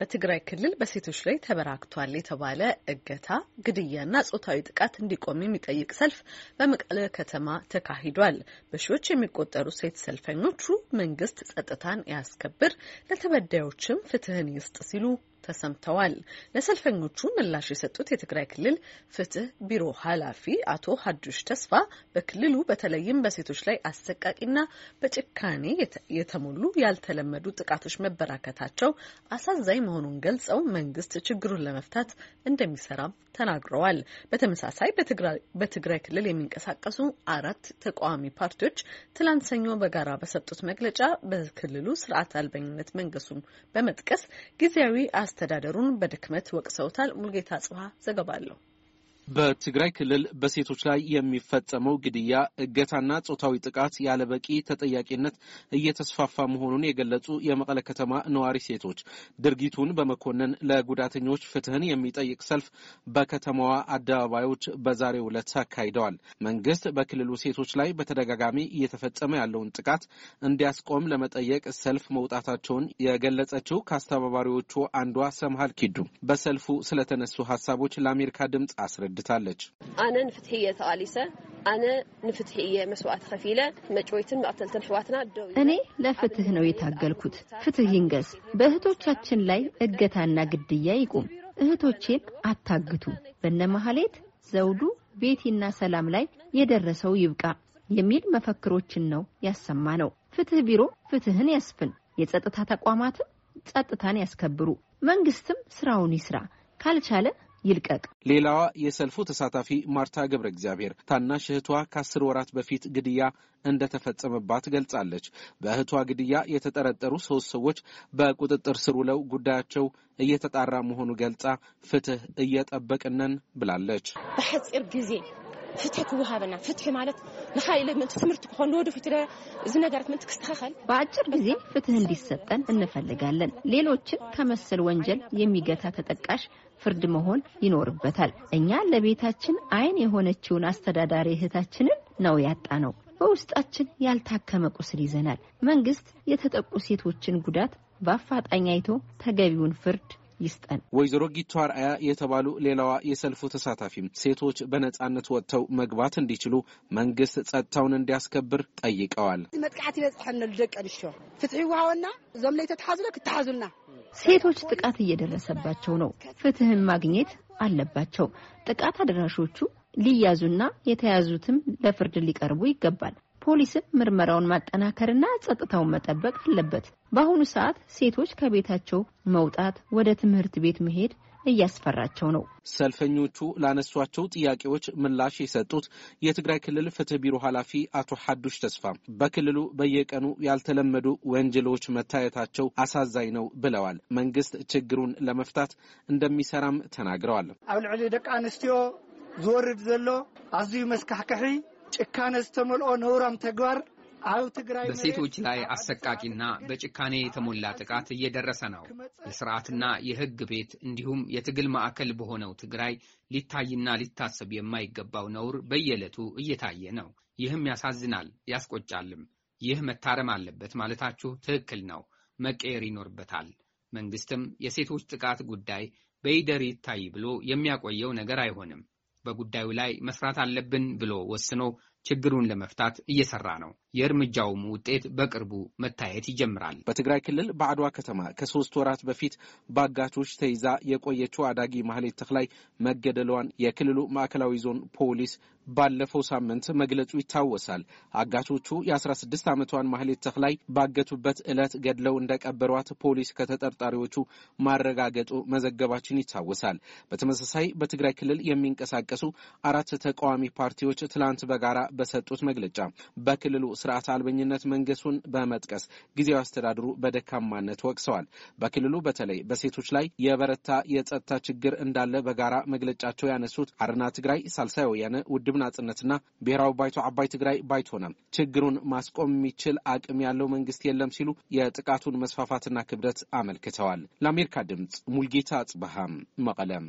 በትግራይ ክልል በሴቶች ላይ ተበራክቷል የተባለ እገታ፣ ግድያና ጾታዊ ጥቃት እንዲቆም የሚጠይቅ ሰልፍ በመቀለ ከተማ ተካሂዷል። በሺዎች የሚቆጠሩ ሴት ሰልፈኞቹ መንግስት ጸጥታን ያስከብር፣ ለተበዳዮችም ፍትህን ይስጥ ሲሉ ተሰምተዋል። ለሰልፈኞቹ ምላሽ የሰጡት የትግራይ ክልል ፍትህ ቢሮ ኃላፊ አቶ ሀዱሽ ተስፋ በክልሉ በተለይም በሴቶች ላይ አሰቃቂና በጭካኔ የተሞሉ ያልተለመዱ ጥቃቶች መበራከታቸው አሳዛኝ መሆኑን ገልጸው መንግስት ችግሩን ለመፍታት እንደሚሰራም ተናግረዋል። በተመሳሳይ በትግራይ ክልል የሚንቀሳቀሱ አራት ተቃዋሚ ፓርቲዎች ትላንት ሰኞ በጋራ በሰጡት መግለጫ በክልሉ ስርዓት አልበኝነት መንገሱን በመጥቀስ ጊዜያዊ አስ አስተዳደሩን በድክመት ወቅሰውታል። ሙልጌታ ጽሀ ዘገባ አለው። በትግራይ ክልል በሴቶች ላይ የሚፈጸመው ግድያ፣ እገታና ጾታዊ ጥቃት ያለበቂ ተጠያቂነት እየተስፋፋ መሆኑን የገለጹ የመቀለ ከተማ ነዋሪ ሴቶች ድርጊቱን በመኮነን ለጉዳተኞች ፍትህን የሚጠይቅ ሰልፍ በከተማዋ አደባባዮች በዛሬው ዕለት አካሂደዋል። መንግስት በክልሉ ሴቶች ላይ በተደጋጋሚ እየተፈጸመ ያለውን ጥቃት እንዲያስቆም ለመጠየቅ ሰልፍ መውጣታቸውን የገለጸችው ከአስተባባሪዎቹ አንዷ ሰምሃል ኪዱ በሰልፉ ስለተነሱ ሀሳቦች ለአሜሪካ ድምፅ አስረድ አስረድታለች። አነ ንፍትሕየ ተቃሊሰ አነ ንፍትሕየ መስዋዕት ከፊለ መጮይትን መቅተልትን ሕዋትና እኔ ለፍትህ ነው የታገልኩት። ፍትህ ይንገስ። በእህቶቻችን ላይ እገታና ግድያ ይቁም። እህቶቼን አታግቱ። በነመሐሌት ዘውዱ፣ ቤቲና ሰላም ላይ የደረሰው ይብቃ የሚል መፈክሮችን ነው ያሰማ ነው። ፍትህ ቢሮ ፍትህን ያስፍን፣ የጸጥታ ተቋማትም ጸጥታን ያስከብሩ፣ መንግስትም ስራውን ይስራ። ካልቻለ ይልቀቅ። ሌላዋ የሰልፉ ተሳታፊ ማርታ ገብረ እግዚአብሔር ታናሽ እህቷ ከአስር ወራት በፊት ግድያ እንደተፈጸመባት ገልጻለች። በእህቷ ግድያ የተጠረጠሩ ሶስት ሰዎች በቁጥጥር ስር ውለው ጉዳያቸው እየተጣራ መሆኑ ገልጻ ፍትህ እየጠበቅነን ብላለች። በሐፂር ጊዜ ፍትሒ ክወሃበና ፍትሒ ማለት ንካይለ ምእንቲ ትምህርቲ ክኾን ወደፊት እዚ ነገራት ምእንቲ ክስተኻኸል በአጭር ጊዜ ፍትህ እንዲሰጠን እንፈልጋለን። ሌሎችን ከመሰል ወንጀል የሚገታ ተጠቃሽ ፍርድ መሆን ይኖርበታል። እኛ ለቤታችን ዓይን የሆነችውን አስተዳዳሪ እህታችንን ነው ያጣ ነው። በውስጣችን ያልታከመ ቁስል ይዘናል። መንግስት የተጠቁ ሴቶችን ጉዳት በአፋጣኝ አይቶ ተገቢውን ፍርድ ይስጠን። ወይዘሮ ጊቱ አርአያ የተባሉ ሌላዋ የሰልፉ ተሳታፊ ሴቶች በነጻነት ወጥተው መግባት እንዲችሉ መንግስት ጸጥታውን እንዲያስከብር ጠይቀዋል። መጥቃት ይበፅሐና ደቂ ኣንስትዮ ፍትሒ ውሃወና እዞም ለይ ተተሓዙሎ ክተሓዙልና ሴቶች ጥቃት እየደረሰባቸው ነው። ፍትህን ማግኘት አለባቸው። ጥቃት አደራሾቹ ሊያዙና የተያዙትም ለፍርድ ሊቀርቡ ይገባል። ፖሊስም ምርመራውን ማጠናከርና ጸጥታውን መጠበቅ አለበት። በአሁኑ ሰዓት ሴቶች ከቤታቸው መውጣት፣ ወደ ትምህርት ቤት መሄድ እያስፈራቸው ነው። ሰልፈኞቹ ላነሷቸው ጥያቄዎች ምላሽ የሰጡት የትግራይ ክልል ፍትህ ቢሮ ኃላፊ አቶ ሐዱሽ ተስፋ በክልሉ በየቀኑ ያልተለመዱ ወንጀሎች መታየታቸው አሳዛኝ ነው ብለዋል። መንግስት ችግሩን ለመፍታት እንደሚሰራም ተናግረዋል። ኣብ ልዕሊ ደቂ ኣንስትዮ ዝወርድ ዘሎ ኣዝዩ መስካሕክሒ ጭካኔስ ተሞልኦ ነውራም ተግባር በሴቶች ላይ አሰቃቂና በጭካኔ የተሞላ ጥቃት እየደረሰ ነው። የስርዓትና የህግ ቤት እንዲሁም የትግል ማዕከል በሆነው ትግራይ ሊታይና ሊታሰብ የማይገባው ነውር በየዕለቱ እየታየ ነው። ይህም ያሳዝናል፣ ያስቆጫልም። ይህ መታረም አለበት ማለታችሁ ትክክል ነው፣ መቀየር ይኖርበታል። መንግስትም የሴቶች ጥቃት ጉዳይ በይደር ይታይ ብሎ የሚያቆየው ነገር አይሆንም። በጉዳዩ ላይ መስራት አለብን ብሎ ወስኖ ችግሩን ለመፍታት እየሰራ ነው። የእርምጃውም ውጤት በቅርቡ መታየት ይጀምራል። በትግራይ ክልል በአድዋ ከተማ ከሶስት ወራት በፊት በአጋቾች ተይዛ የቆየችው አዳጊ ማህሌት ተክላይ መገደሏን የክልሉ ማዕከላዊ ዞን ፖሊስ ባለፈው ሳምንት መግለጹ ይታወሳል። አጋቾቹ የ16 ዓመቷን ማህሌት ተክላይ ባገቱበት ዕለት ገድለው እንደቀበሯት ፖሊስ ከተጠርጣሪዎቹ ማረጋገጡ መዘገባችን ይታወሳል። በተመሳሳይ በትግራይ ክልል የሚንቀሳቀሱ አራት ተቃዋሚ ፓርቲዎች ትላንት በጋራ በሰጡት መግለጫ በክልሉ ስርዓት አልበኝነት መንገሱን በመጥቀስ ጊዜያዊ አስተዳድሩ በደካማነት ወቅሰዋል። በክልሉ በተለይ በሴቶች ላይ የበረታ የጸጥታ ችግር እንዳለ በጋራ መግለጫቸው ያነሱት አረና ትግራይ፣ ሳልሳይ ወያነ፣ ውድብ ናጽነትና ብሔራዊ ባይቶ አባይ ትግራይ ባይቶና ችግሩን ማስቆም የሚችል አቅም ያለው መንግስት የለም ሲሉ የጥቃቱን መስፋፋትና ክብደት አመልክተዋል። ለአሜሪካ ድምጽ ሙልጌታ አጽበሃም መቀለም